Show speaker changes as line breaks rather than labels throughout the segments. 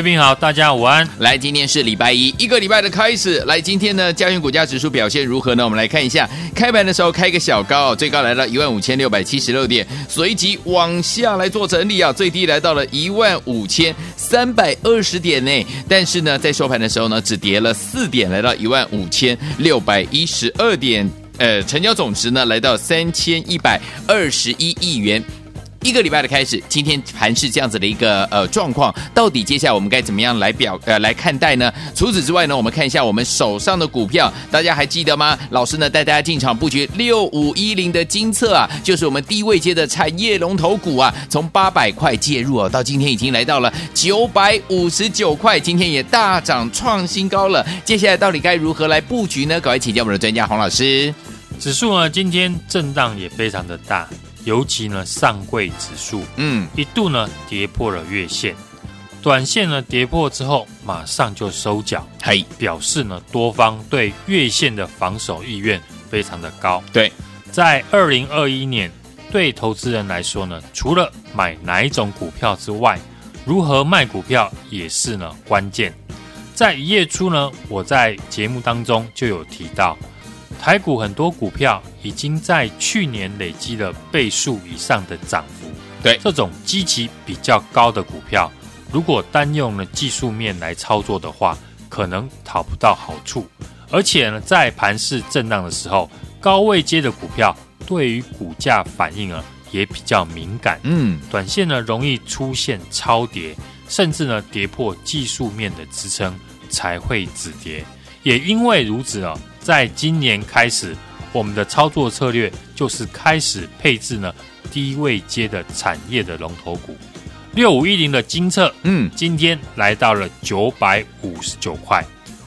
貴賓好，大家午安。來，今天是禮拜一，一個禮拜的開始。來，今天呢，加權股價指數表現如何呢？我們來看一下，開盤的時候開個小高，最高來到一萬五千六百七十六點，隨即往下來做整理啊，最低來到了一萬五千三百二十點呢。但是呢，在收盤的時候呢，只跌了四點，來到一萬五千六百一十二點。呃，成交總值呢，來到三千一百二十一億元。一個禮拜的開始，今天盤是這樣子的一個呃狀況，到底接下來我們該怎麼樣來表呃來看待呢？除此之外呢，我們看一下我們手上的股票，大家還記得嗎？老師呢帶大家進場布局六五一零的精測啊，就是我們低位階的產業龍頭股啊，從八百塊介入啊，到今天已經來到了九百五十九塊，今天也大漲創新高了。接下來到底該如何來布局呢？各位請教我們的專家洪老師。指數啊，今天震盪也非常的大。
尤其呢，上櫃指數，嗯，一度呢跌破了月線，短線呢跌破之後，馬上就收繳，嘿，表示呢多方對月線的防守意願非常的高。對，在二零二一年，對投資人來說呢，除了買哪一種股票之外，如何賣股票也是呢關鍵。在一月初呢，我在節目當中就有提到。台股很多股票已經在去年累積了倍數以上的漲幅。對，對這種基期比較高的股票，如果單用了技術面來操作的話，可能討不到好處。而且呢，在盤勢震盪的時候，高位階的股票對於股價反應呢也比較敏感，嗯，短線呢容易出現超跌，甚至呢跌破技術面的支撐才會止跌。也因為如此呢。在今年開始，我們的操作策略就是開始配置呢低位階的產業的龍頭股。六五一零的精測，嗯，今天來到了九百五十九塊。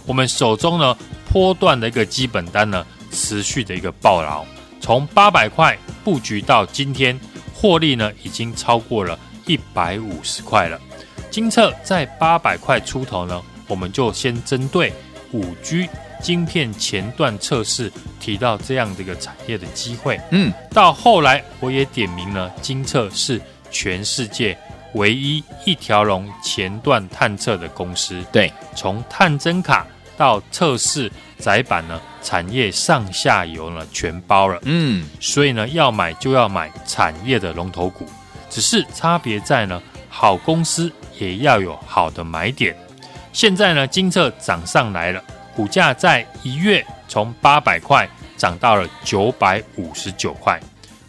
我們手中呢，波段的一個基本單呢，持續的一個抱牢，從八百塊布局到今天，獲利呢已經超過了一百五十塊了。精測在八百塊出頭呢，我們就先針對五 G。晶片前段測試提到這樣的一個產業的機會，嗯，到後來我也點名了晶測是全世界唯一一條龍前段探測的公司，對，從探針卡到測試載板呢，產業上下游呢全包了，嗯，所以呢要買就要買產業的龍頭股，只是差別在呢好公司也要有好的買點，現在呢晶測漲上來了。股價在一月從八百塊漲到了九百五十九塊。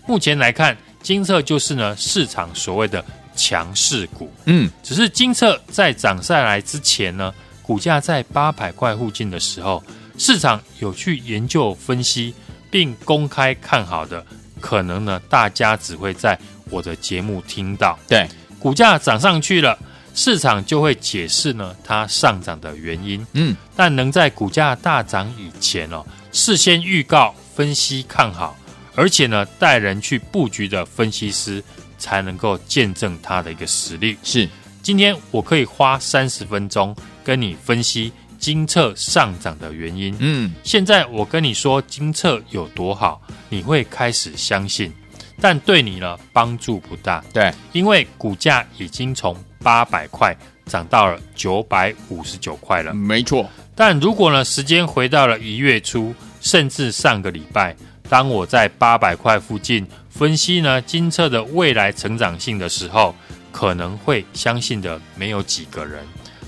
目前來看，金策就是呢市場所謂的強勢股。嗯，只是金策在漲上來之前呢，股價在八百塊附近的時候，市場有去研究分析並公開看好的，可能呢大家只會在我的節目聽到。對，股價漲上去了。市場就會解釋呢，它上漲的原因。嗯，但能在股價大漲以前哦，事先預告、分析看好，而且呢，帶人去布局的分析師，才能夠見證他的一個實力。是，今天我可以花三十分鐘跟你分析金策上漲的原因。嗯，現在我跟你說金策有多好，你會開始相信，但對你呢，幫助不大。對，因為股價已經從八百塊漲到了九百五十九塊了，沒錯。但如果呢，時間回到了一月初，甚至上個禮拜，當我在八百塊附近分析呢，精測的未來成長性的時候，可能會相信的沒有幾個人。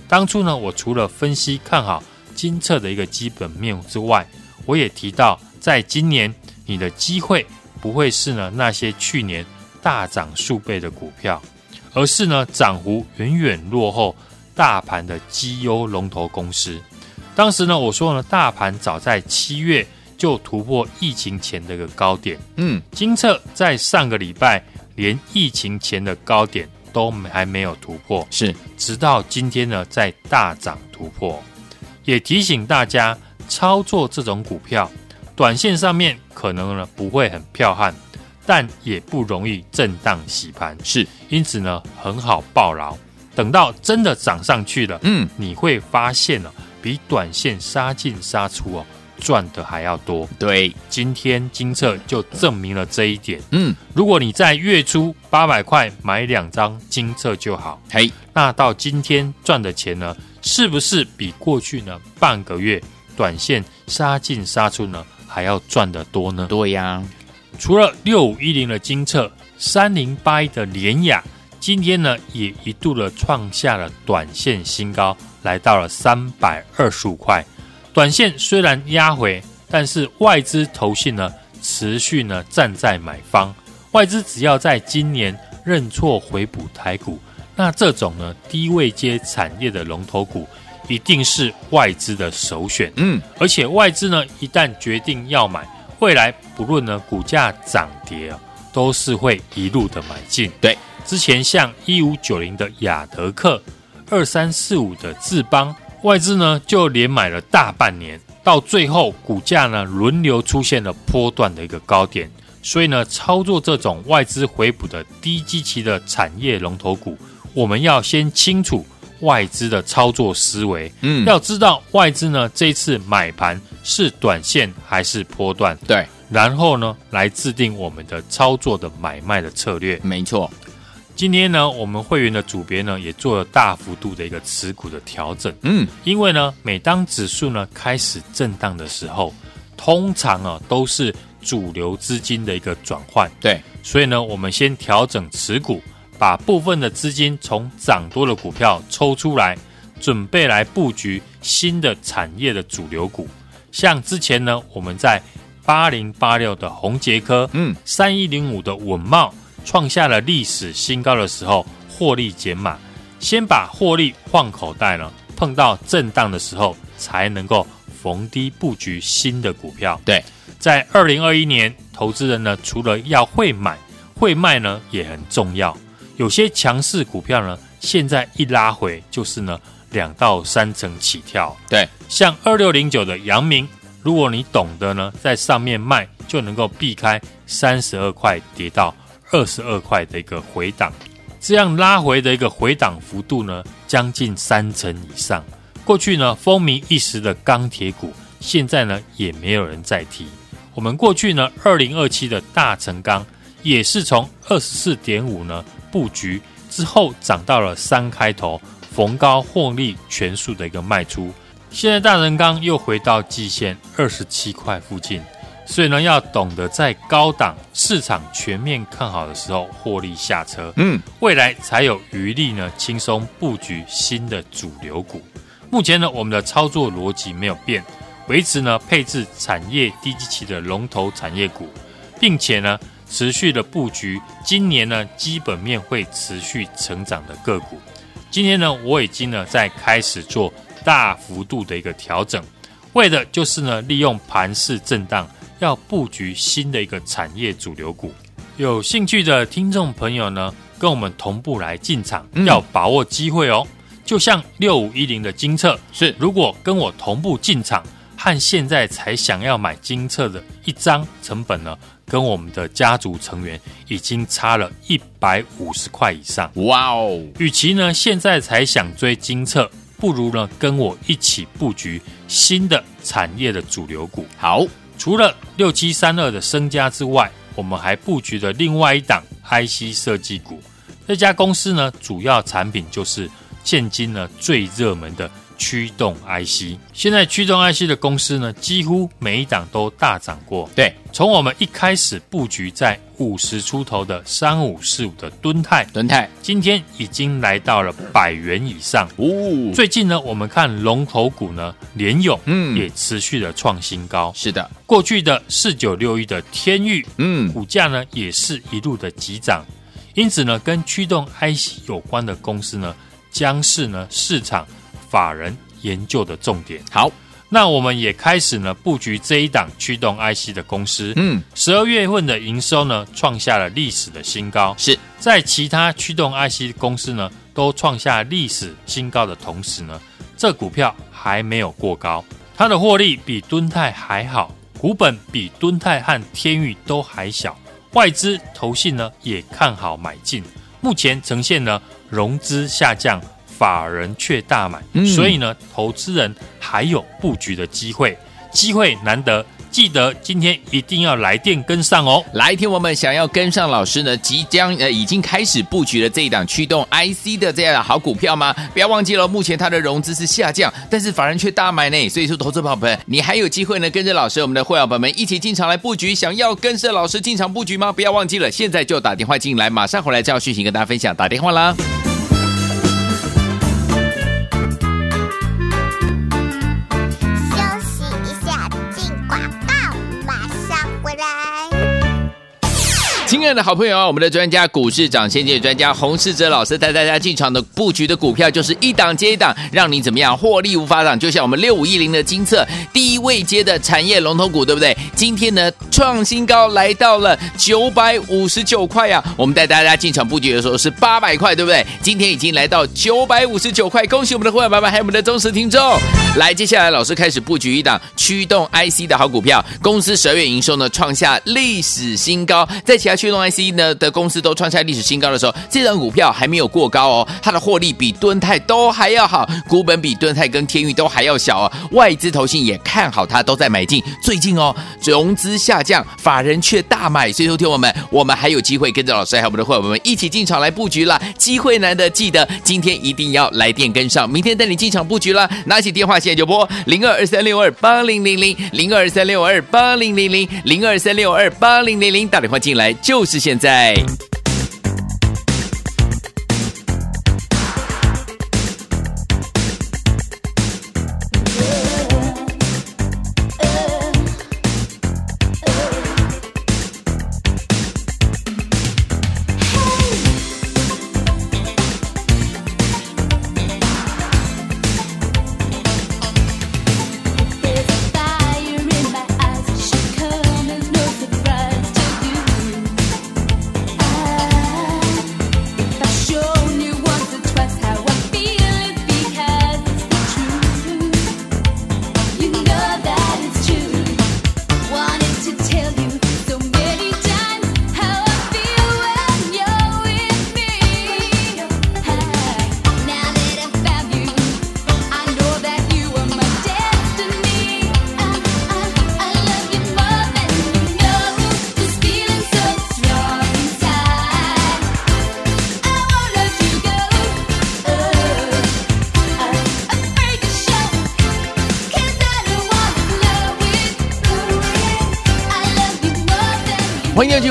當初呢，我除了分析看好精測的一個基本面之外，我也提到在今年，你的機會不會是呢那些去年大漲數倍的股票。而是呢，漲幅遠遠落後大盤的績優龍頭公司。當時呢，我說呢，大盤早在七月就突破疫情前的一個高點，嗯，精測在上個禮拜連疫情前的高點都還沒有突破，是，直到今天呢，在大漲突破。也提醒大家，操作這種股票，短線上面可能呢不會很彪悍。但也不容易震盪洗盤是，是因此呢，很好抱牢。等到真的漲上去了，嗯，你會發現呢、啊，比短線殺進殺出哦、啊，賺的還要多。對，今天精測就證明了這一點。嗯，如果你在月初八百塊買兩張精測就好。嘿，那到今天賺的錢呢，是不是比過去呢半個月短線殺進殺出呢，還要賺得多呢？對呀、啊。除了六五一零的精測，三零八一的聯亞，今天呢也一度的創下了短線新高，來到了三百二十五塊。短線雖然壓回，但是外資投信呢持續呢站在買方。外資只要在今年認錯回補台股，那這種呢低位階產業的龍頭股，一定是外資的首選。嗯，而且外資呢一旦決定要買。未來不論呢股價漲跌，都是會一路的買進。對，之前像一五九零的亞德客、二三四五的智邦，外資呢就連買了大半年，到最後股價呢輪流出現了波段的一個高點。所以呢，操作這種外資回補的低基期的產業龍頭股，我們要先清楚。外資的操作思維，嗯，要知道外資呢這次買盤是短線還是波段，對，然後呢來制定我們的操作的買賣的策略。沒錯，今天呢我們會員的組別呢也做了大幅度的一個持股的調整，嗯，因為呢每當指數呢開始震盪的時候，通常啊都是主流資金的一個轉換，對，所以呢我們先調整持股。把部分的資金從漲多的股票抽出來，準備來布局新的產業的主流股。像之前呢，我們在八零八六的宏捷科，嗯，三一零五的穩懋，創下了歷史新高的時候，獲利減碼，先把獲利換口袋了。碰到震盪的時候，才能夠逢低布局新的股票。對，在二零二一年，投資人呢，除了要會買，會賣呢，也很重要。有些強勢股票呢，現在一拉回就是呢兩到三成起跳。對，像二六零九的陽明，如果你懂得呢，在上面賣就能夠避開三十二塊跌到二十二塊的一個回檔，這樣拉回的一個回檔幅度呢，將近三成以上。過去呢，風靡一時的鋼鐵股，現在呢也沒有人再提。我們過去呢，二零二七的大成鋼。也是從二十四點五呢布局之後漲到了三開頭，逢高獲利全數的一個賣出，現在大人剛又回到季線二十七塊附近，所以呢要懂得在高檔市場全面看好的時候獲利下車，嗯，未來才有餘力呢輕鬆布局新的主流股。目前呢我們的操作邏輯沒有變，維持呢配置產業低基期的龍頭產業股，並且呢。持續的佈局，今年呢基本面會持續成長的個股。今天呢我已經呢在開始做大幅度的一個調整，為的就是呢利用盤勢震盪，要佈局新的一個產業主流股。有興趣的聽眾朋友呢，跟我們同步來進場，嗯、要把握機會哦。就像六五一零的精測，是，如果跟我同步進場。看現在才想要買金策的一張成本呢，跟我們的家族成員已經差了一百五十塊以上。哇哦 Wow！與其呢現在才想追金策，不如呢跟我一起布局新的產業的主流股。好，除了六七三二的昇佳之外，我們還布局了另外一檔 IC 設計股。這家公司呢，主要產品就是現今呢最熱門的。驅動 IC，現在驅動 IC 的公司呢，幾乎每一檔都大漲過。對，從我們一開始布局在五十出頭的三五四五的敦泰，敦泰今天已經來到了百元以上。哦、最近呢，我們看龍頭股呢，聯詠，嗯也持續的創新高。嗯、是的，過去的四九六一的天鈺，嗯股價呢也是一路的急漲，因此呢，跟驅動 IC 有關的公司呢，將是呢市場。法人研究的重點。好，那我們也開始呢布局這一檔驅動 IC 的公司。嗯，十二月份的營收呢創下了歷史的新高，是在其他驅動 IC 公司呢都創下歷史新高的同時呢，這股票還沒有過高，它的獲利比敦泰還好，股本比敦泰和天域都還小，外資投信呢也看好買進，目前呈現呢融資下降，法人卻大買，所以呢，投資人還有布局的機會，機會
難得，記得今天一定要來電跟上哦。來電，我們想要跟上老師呢，即將呃已經開始布局的這一檔驅動 IC 的這樣的好股票嗎？不要忘記了，目前它的融資是下降，但是法人卻大買呢，所以說投資朋友們，你還有機會呢，跟着老師我們的會員夥伴們一起進場來布局，想要跟着老師進場布局嗎？不要忘記了，現在就打電話進來，馬上回來就有訊息跟大家分享，打電話啦。親愛的好朋友啊，我們的專家股市漲先機專家洪士哲老師帶大家進場的布局的股票，就是一檔接一檔，讓你怎麼樣獲利無法擋，就像我們六五一零的精測第一位階的產業龍頭股，對不對？今天呢？創新高來到了九百五十九塊呀、啊！我們帶大家進場布局的時候是八百塊，對不對？今天已經來到九百五十九塊，恭喜我們的會員爸爸，還有我們的忠實聽眾！來，接下來老師開始布局一檔驅動 IC 的好股票，公司首月營收呢創下歷史新高，在其他驅動 IC 呢的公司都創下歷史新高的時候，這張股票還沒有過高哦，它的獲利比敦泰都還要好，股本比敦泰跟天鈺都還要小啊、哦，外資投信也看好它，都在買進。最近哦，融資下降。法人卻大買，所以說，聽我們，我們還有機會跟着老師還有我們的夥伴們一起進場來佈局了，機會難得，記得今天一定要來電跟上，明天帶你進場佈局了，拿起電話現在就撥零二二三六二八零零零零二三六二八零零零零二三六二八零零零，打電話進來就是現在。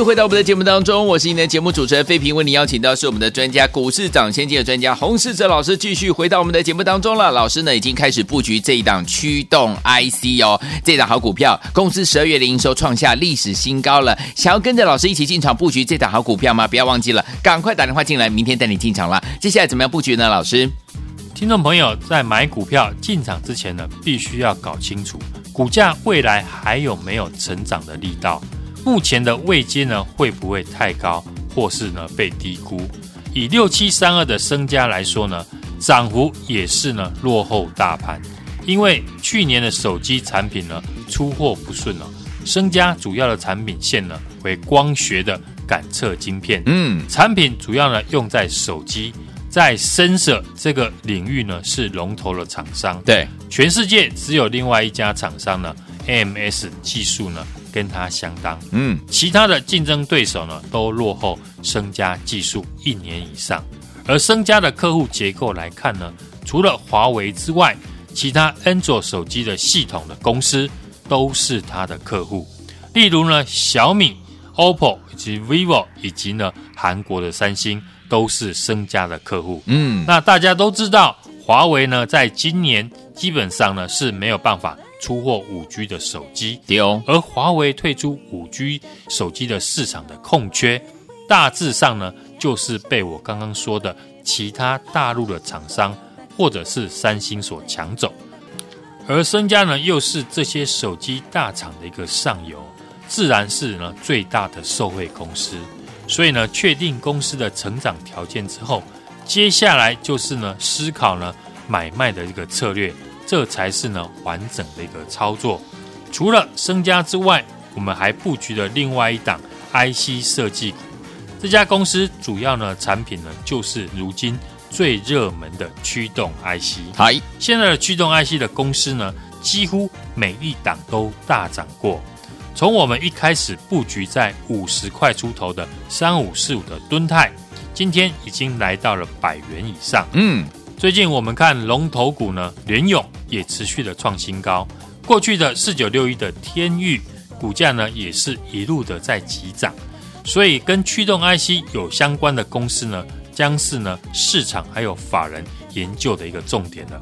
回到我們的節目當中，我是你的節目主持人費平。為您邀請到是我們的專家，股市漲先機的專家洪士哲老師，繼續回到我們的節目當中了。老師呢已經開始布局這一檔驅動 IC 哦，這一檔好股票，公司十二月的營收創下歷史新高了。想要跟着老師一起進場布局這檔好股票嗎？不要忘記了，趕快打電話進來，明天帶你進場了。接下來怎麼樣布局呢？老師，聽眾朋友在買股票進場之前呢，必須要搞清楚股價未來
還有沒有成長的力道。目前的位階呢，會不會太高，或是呢被低估？以六七三二的昇佳來說呢，漲幅也是呢落後大盤，因為去年的手機產品呢出貨不順啊。昇佳主要的產品線呢為光學的感測晶片，嗯，產品主要呢用在手機，在 Sensor 這個領域呢是龍頭的廠商，對，全世界只有另外一家廠商呢，AMS 技術呢。跟它相當，嗯，其他的競爭對手呢都落後昇佳技術一年以上，而昇佳的客戶結構來看呢，除了華為之外，其他安卓手機的系統的公司都是它的客戶，例如呢小米、OPPO 以及 vivo 以及呢韓國的三星都是昇佳的客戶，嗯，那大家都知道華為呢在今年基本上呢是沒有辦法。出貨五 G 的手機，哦、而華為退出五 G 手機的市場的空缺，大致上呢，就是被我剛剛說的其他大陸的廠商或者是三星所搶走，而身家呢，又是這些手機大廠的一個上游，自然是呢最大的受惠公司，所以呢，確定公司的成長條件之後，接下來就是呢思考呢買賣的一個策略。這才是呢完整的一個操作。除了升家之外，我們還布局了另外一檔 IC 設計股。這家公司主要呢產品呢就是如今最熱門的驅動 IC。嗨台，現在的驅動 IC 的公司呢幾乎每一檔都大漲過。從我們一開始布局在五十塊出頭的三五四五的敦泰，今天已經來到了百元以上。嗯，最近我們看龍頭股呢聯詠。也持續的創新高，過去的四九六一的天鈺股價呢，也是一路的在急漲，所以跟驅動 IC 有相關的公司呢，將是呢市場還有法人研究的一個重點了。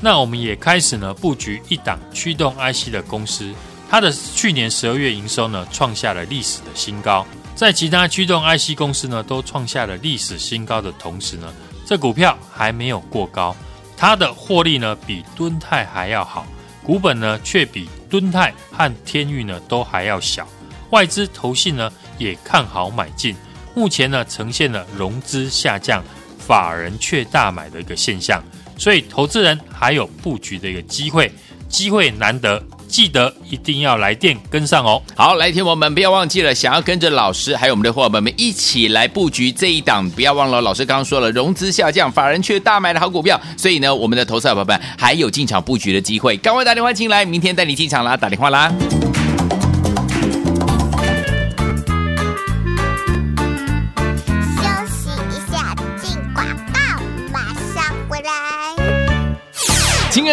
那我們也開始呢布局一檔驅動 IC 的公司，它的去年十二月營收呢創下了歷史的新高，在其他驅動 IC 公司呢都創下了歷史新高的同時呢，這股票還沒有過高。它的獲利呢比敦泰還要好，股本呢卻比敦泰和天鈺呢都還要小，外資投信呢也看好買進，目前呢呈現了融資下降，法人卻大買的一個現象，所以投資人還有布局的一個機會，機會難得。記得一定要
來電跟上哦！好，來天我們，不要忘記了，想要跟着老師還有我們的夥伴們，一起來布局這一檔，不要忘了。老師剛剛說了，融資下降，法人卻大買的好股票，所以呢，我們的投資夥伴們還有進場布局的機會。趕快打電話進來，明天帶你進場啦，打電話啦！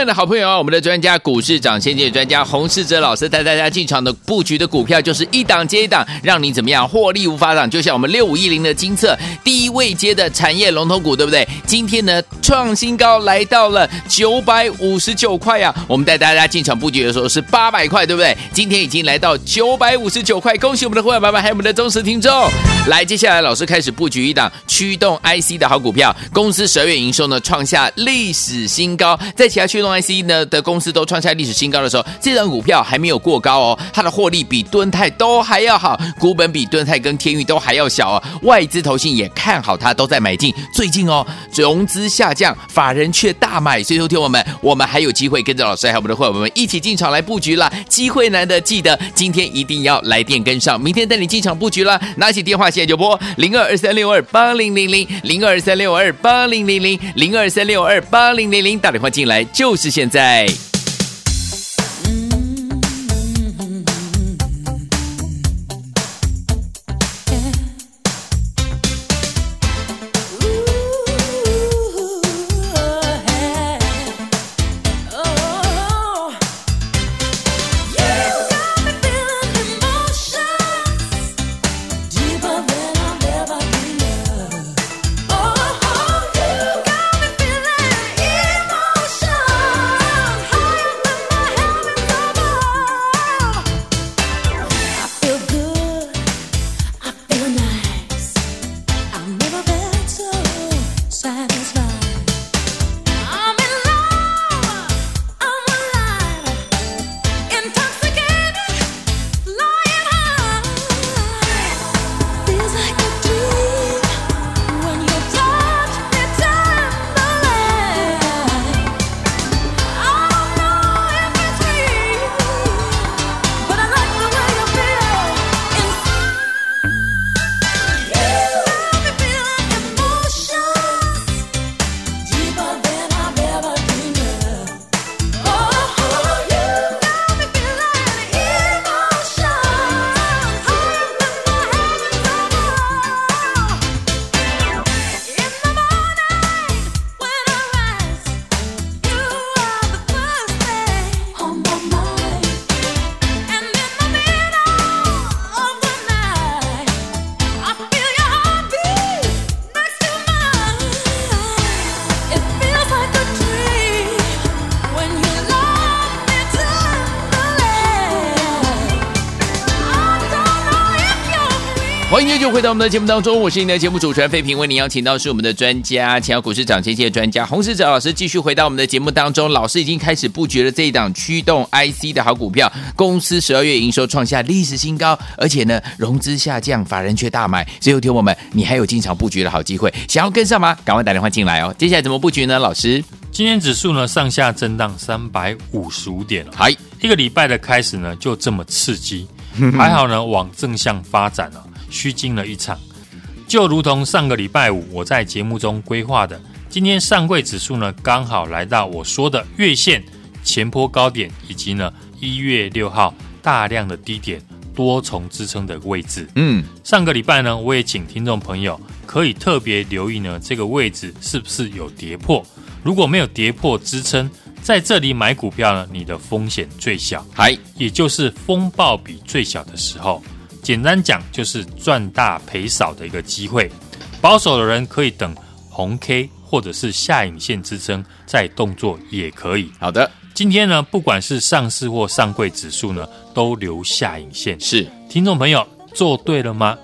的好朋友啊，我們的專家股市漲先機的專家洪士哲老師帶大家進場的布局的股票，就是一檔接一檔，讓你怎麼樣獲利無法擋。就像我們六五一零的精測第一位階的產業龍頭股，對不對？今天呢，創新高來到了九百五十九塊呀，啊。我們帶大家進場布局的時候是八百塊，對不對？今天已經來到九百五十九塊，恭喜我們的會員朋友們，還有我們的忠實聽眾。來，接下來老師開始布局一檔驅動 IC 的好股票，公司十二月營收呢創下歷史新高，在其他驅動。IC 呢的公司都創下歷史新高的時候，這張股票還沒有過高哦，它的獲利比敦泰都還要好，股本比敦泰跟天宇都還要小哦，外資投信也看好它，都在買進。最近哦，融資下降，法人卻大買，所以說聽我們，我們還有機會跟着老師還有我們的會員們一起進場來布局啦。機會難得，記得今天一定要來電跟上，明天帶你進場布局啦。拿起電話現在就撥零二二三六二八零零零零二三六二八零零零零二三六二八零零零，打電話進來就，就是現在。在我們的節目當中，我是你的節目主持人費平，為您邀請到是我們的專家，想要股市漲這些專家洪士哲老師繼續回到我們的節目當中。老師已經開始布局了這一檔驅動 IC 的好股票，公司十二月營收創下歷史新高，而且呢，融資下降，法人卻大買。只有聽我們，你還有進場布局的好機會，想要跟上嗎？趕快打電話進來哦。接下來怎麼布局呢？老師，今
天指數呢上下震盪三百五十五點，好，一個禮拜的開始呢就這麼刺激，還好呢往正向發展了，啊。虛驚了一場，就如同上個禮拜五我在節目中規劃的，今天上櫃指數呢剛好來到我說的月線前波高點，以及呢一月六號大量的低點、多重支撐的位置。嗯，上個禮拜呢，我也請聽眾朋友可以特別留意呢這個位置是不是有跌破，如果沒有跌破支撐，在這裡買股票呢，你的風險最小，還也就是風報比最小的時候。簡單講就是賺大賠少的一個機會，保守的人可以等紅 K 或者是下影線支撐再動作也可以。好的，今天呢不管是上市或上櫃指數呢都留下影線。是，聽眾朋友做對了嗎？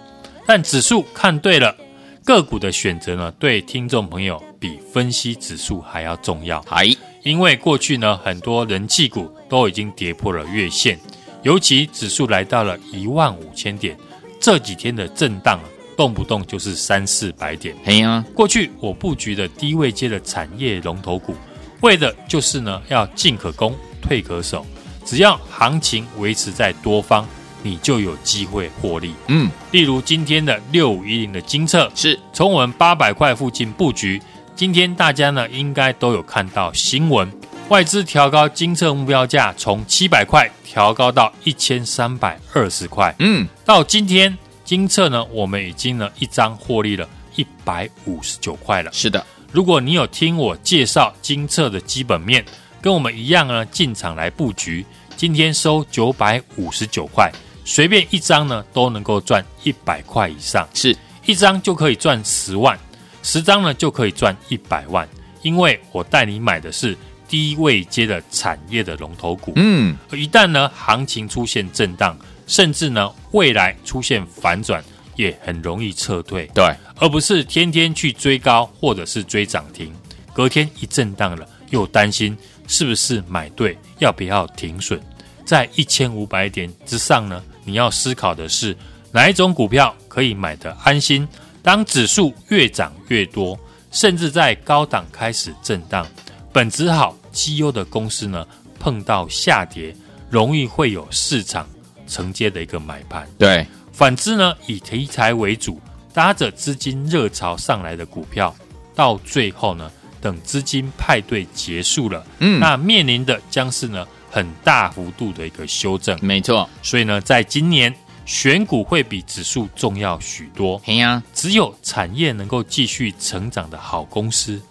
但指數看對了，個股的選擇呢對聽眾朋友比分析指數還要重要。還，因為過去呢很多人氣股都已經跌破了月線。尤其指數來到了一萬五千點，這幾天的震盪啊，動不動就是三四百點。哎呀、啊，過去我布局的低位階的產業龍頭股，為的就是呢，要進可攻，退可守。只要行情維持在多方，你就有機會獲利。嗯，例如今天的六五一零的精測，是從我們八百塊附近布局。今天大家呢，應該都有看到新聞。外資調高精測目標價，從七百塊調高到一千三百二十塊。嗯，到今天精測呢，我們已經呢一張獲利了一百五十九塊了。是的，如果你有聽我介紹精測的基本面，跟我們一樣呢進場來布局，今天收九百五十九塊，隨便一張呢都能夠賺一百塊以上，是，一張就可以賺十萬，十張呢就可以賺一百萬，因為我帶你買的是。低位階的產業的龍頭股，嗯，而一旦呢行情出現震盪，甚至呢未來出現反轉，也很容易撤退，對，而不是天天去追高或者是追漲停，隔天一震盪了，又擔心是不是買對，要不要停損？在一千五百點之上呢，你要思考的是哪一種股票可以買得安心？當指數越漲越多，甚至在高檔開始震盪，本質好。績優的公司呢，碰到下跌，容易會有市場承接的一個買盤。對，反之呢，以題材為主，搭着資金熱潮上來的股票，到最後呢，等資金派對結束了，嗯，那面臨的將是呢，很大幅度的一個修正。沒錯，所以呢，在今年選股會比指數重要許多。啊，只有產業能夠繼續成長的好公司。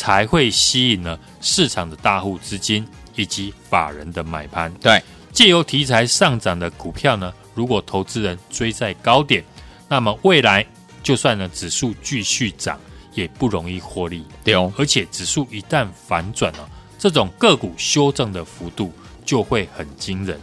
才會吸引了市場的大戶資金以及法人的買盤。對，借由題材上漲的股票呢，如果投資人追在高點，那麼未來就算呢，指數繼續漲，也不容易獲利。對哦，而且指數一旦反轉了，啊，這種個股修正的幅度就會很驚人。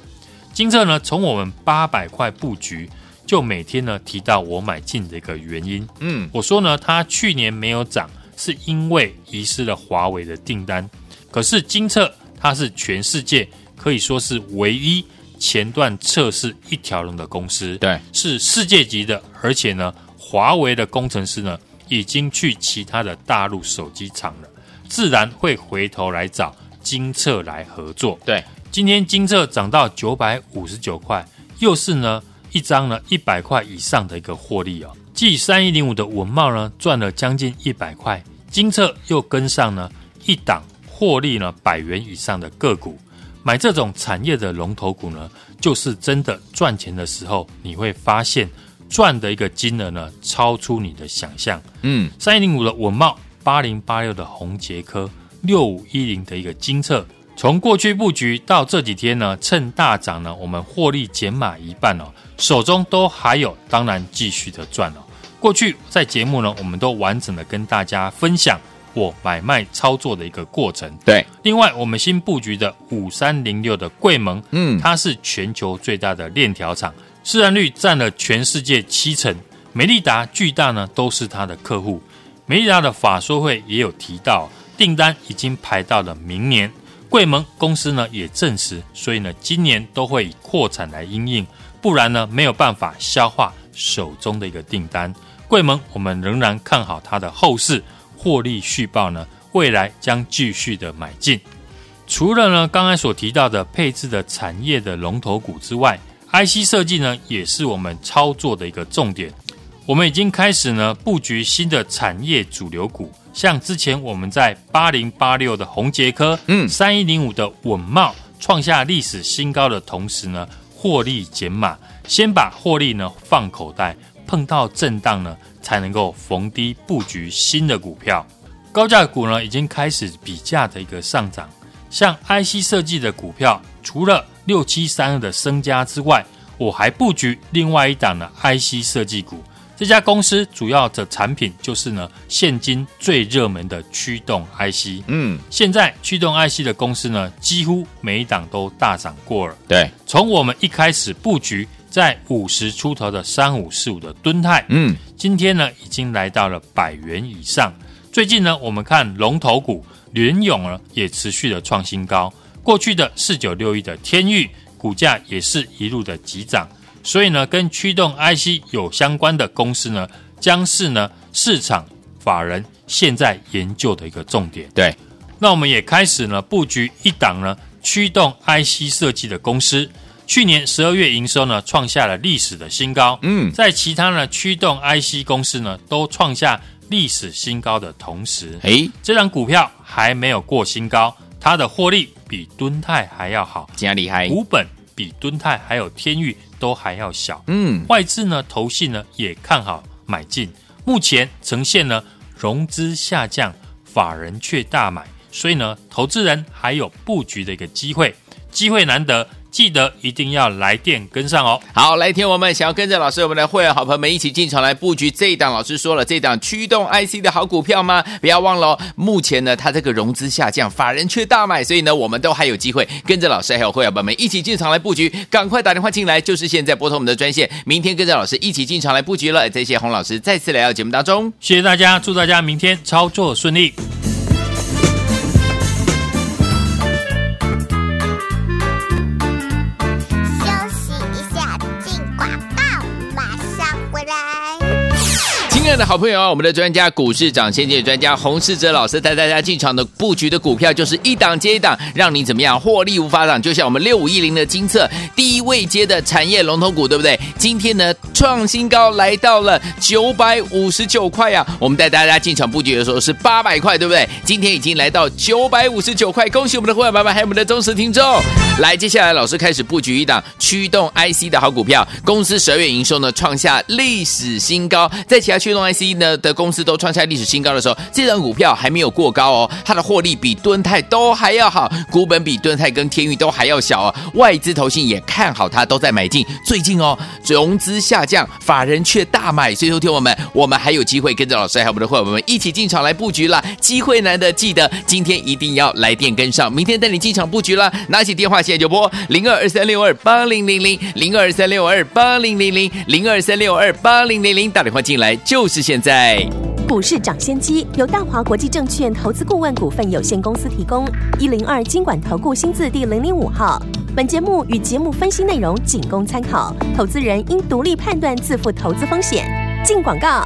精測呢，從我們八百塊布局，就每天呢提到我買進的一個原因。嗯，我說呢，它去年沒有漲。是因為遺失了華為的訂單，可是精測，它是全世界可以說是唯一前段測試一條龍的公司，對，是世界級的，而且呢，華為的工程師呢已經去其他的大陸手機廠了，自然會回頭來找精測來合作。對，今天精測漲到九百五十九塊，又是呢一張呢一百塊以上的一個獲利啊、哦。績三一零五的穩懋呢，賺了將近一百塊，精測又跟上呢，一檔獲利呢百元以上的個股，買這種產業的龍頭股呢，就是真的賺錢的時候，你會發現賺的一個金額呢，超出你的想象。嗯，三一零五的穩懋，八零八六的宏捷科，六五一零的一個精測，從過去布局到這幾天呢，趁大漲呢，我們獲利減碼一半哦，手中都還有，當然繼續的賺哦。過去在節目呢，我們都完整的跟大家分享或買賣操作的一個過程。對，另外我們新布局的五三零六的桂盟，嗯，它是全球最大的鏈條廠，市佔率佔了全世界七成。美利達巨大呢，都是它的客戶。美利達的法說會也有提到，訂單已經排到了明年。桂盟公司呢也證實，所以呢今年都會以擴產來因應，不然呢沒有辦法消化手中的一個訂單。櫃門，我們仍然看好它的後市獲利續報呢，未來將繼續的買進。除了呢，剛才所提到的配置的產業的龍頭股之外，IC 設計呢，也是我們操作的一個重點。我們已經開始呢，布局新的產業主流股，像之前我們在八零八六的宏捷科，嗯，三一零五的穩懋創下歷史新高的同時呢，獲利減碼，先把獲利呢放口袋。碰到震盪呢，才能夠逢低布局新的股票。高價股呢，已經開始比價的一個上漲。像 IC 設計的股票，除了六七三二的昇佳之外，我還布局另外一檔的 IC 設計股。這家公司主要的產品就是呢，現今最熱門的驅動 IC。嗯，現在驅動 IC 的公司呢，幾乎每一檔都大漲過了。對，從我們一開始布局。在五十出頭的三五四五的敦泰，嗯，今天呢已經來到了百元以上。最近呢，我們看龍頭股聯詠呢也持續的創新高。過去的四九六一的天鈺股價也是一路的急漲，所以呢，跟驅動 IC 有相關的公司呢，將是呢市場法人現在研究的一個重點。對，那我們也開始呢布局一檔呢驅動 IC 設計的公司。去年十二月營收呢，創下了歷史的新高。嗯，在其他呢驅動 IC 公司呢都創下歷史新高的同時，誒嘿，這檔股票還沒有過新高，它的獲利比敦泰還要好，加厲害，股本比敦泰還有天鈺都還要小。嗯，外資呢投信呢也看好買進，目前呈現呢融資下降，法人卻大買，所以呢投資人還有布局的一個機會，機會難得。記得一定要來電
跟上哦！好，來聽我們想要跟着老師，我們的會員好朋友們一起進場來布局這一檔。老師說了，這檔驅動 IC 的好股票嗎？不要忘了哦，目前呢，它這個融資下降，法人卻大買，所以呢，我們都還有機會跟着老師還有會員好朋友們一起進場來布局。趕快打電話進來，就是現在撥通我們的專線。明天跟着老師一起進場來布局了。謝謝洪老師再次來到節目當中，
謝謝大家，祝大家明天操作順利。
的好朋友啊，我們的專家股市漲先機專家洪士哲老師帶大家進場的布局的股票，就是一檔接一檔，讓你怎麼樣獲利無法擋。就像我們六五一零的金策低位階的產業龍頭股，對不對？今天呢，創新高來到了九百五十九塊呀！我們帶大家進場布局的時候是八百塊，對不對？今天已經來到九百五十九塊，恭喜我們的會員朋友還有我們的忠實的聽眾。來，接下來老師開始布局一檔驅動 IC 的好股票。公司十二月營收呢創下歷史新高，在其他驅動 IC 呢的公司都創下歷史新高的時候，這檔股票還沒有過高哦。它的獲利比敦泰都還要好，股本比敦泰跟天鈺都還要小哦。外資投信也看好它，都在買進。最近哦，融資下降，法人卻大買。所以說聽友們，我們還有機會跟着老師還有我們的夥伴們一起進場來布局了。機會難得，記得今天一定要來電跟上，明天帶你進場布局了。拿起電話。現在就撥零二二三六二八零零零零二三六二八零零零零二三六二八零零零，打電話進來就是現在。
股市漲先機由大華國際證券投資顧問股份有限公司提供，一零二金管投顧新字第零零五號。本節目與節目分析內容僅供參考，投資人應獨立判斷，自負投資風險。進廣告。